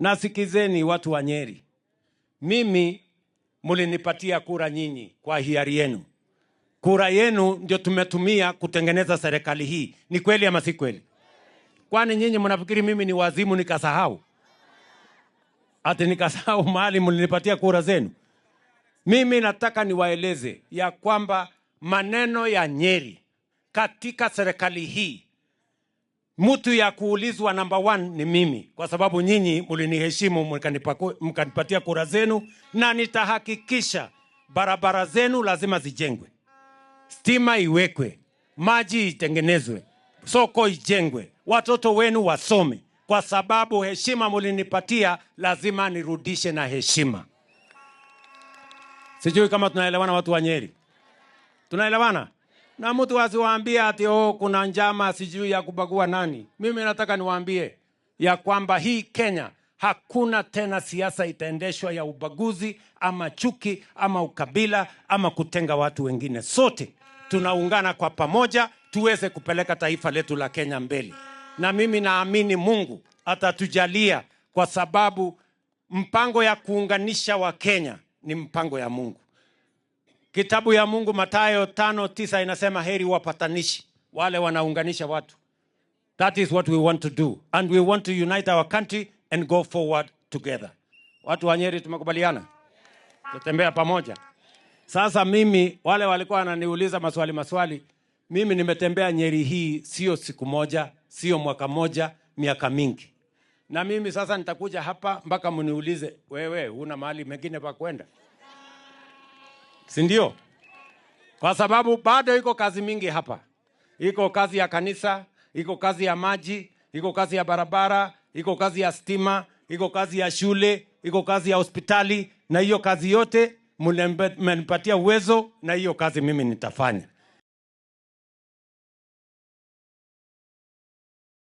nasikizeni watu wa Nyeri, mimi mulinipatia kura nyinyi kwa hiari yenu. Kura yenu ndio tumetumia kutengeneza serikali hii. Ni kweli ama si kweli? Kwani nyinyi mnafikiri mimi ni wazimu nikasahau? Ati nikasahau mahali mlinipatia kura zenu? Mimi nataka niwaeleze ya kwamba maneno ya Nyeri katika serikali hii mtu ya kuulizwa namba one ni mimi, kwa sababu nyinyi muliniheshimu mkanipatia kura zenu, na nitahakikisha barabara zenu lazima zijengwe, stima iwekwe, maji itengenezwe, soko ijengwe, watoto wenu wasome, kwa sababu heshima mulinipatia lazima nirudishe na heshima. Sijui kama tunaelewana, watu wa Nyeri, tunaelewana? na mtu asiwaambie ati oh, kuna njama sijui ya kubagua nani. Mimi nataka niwaambie ya kwamba hii Kenya hakuna tena siasa itaendeshwa ya ubaguzi ama chuki ama ukabila ama kutenga watu wengine. Sote tunaungana kwa pamoja tuweze kupeleka taifa letu la Kenya mbele, na mimi naamini Mungu atatujalia, kwa sababu mpango ya kuunganisha wa Kenya ni mpango ya Mungu. Kitabu ya Mungu Mathayo tano tisa inasema heri wapatanishi, wale wanaunganisha watu. That is what we want to do and we want to unite our country and go forward together. Watu wa Nyeri tumekubaliana tutembea pamoja. Sasa mimi wale walikuwa wananiuliza maswali maswali, mimi nimetembea Nyeri hii sio siku moja, sio mwaka moja, miaka mingi. Na mimi sasa nitakuja hapa mpaka mniulize, wewe una mahali mengine pa kwenda? si ndio? Kwa sababu bado iko kazi mingi hapa, iko kazi ya kanisa, iko kazi ya maji, iko kazi ya barabara, iko kazi ya stima, iko kazi ya shule, iko kazi ya hospitali, na hiyo kazi yote mnanipatia uwezo, na hiyo kazi mimi nitafanya.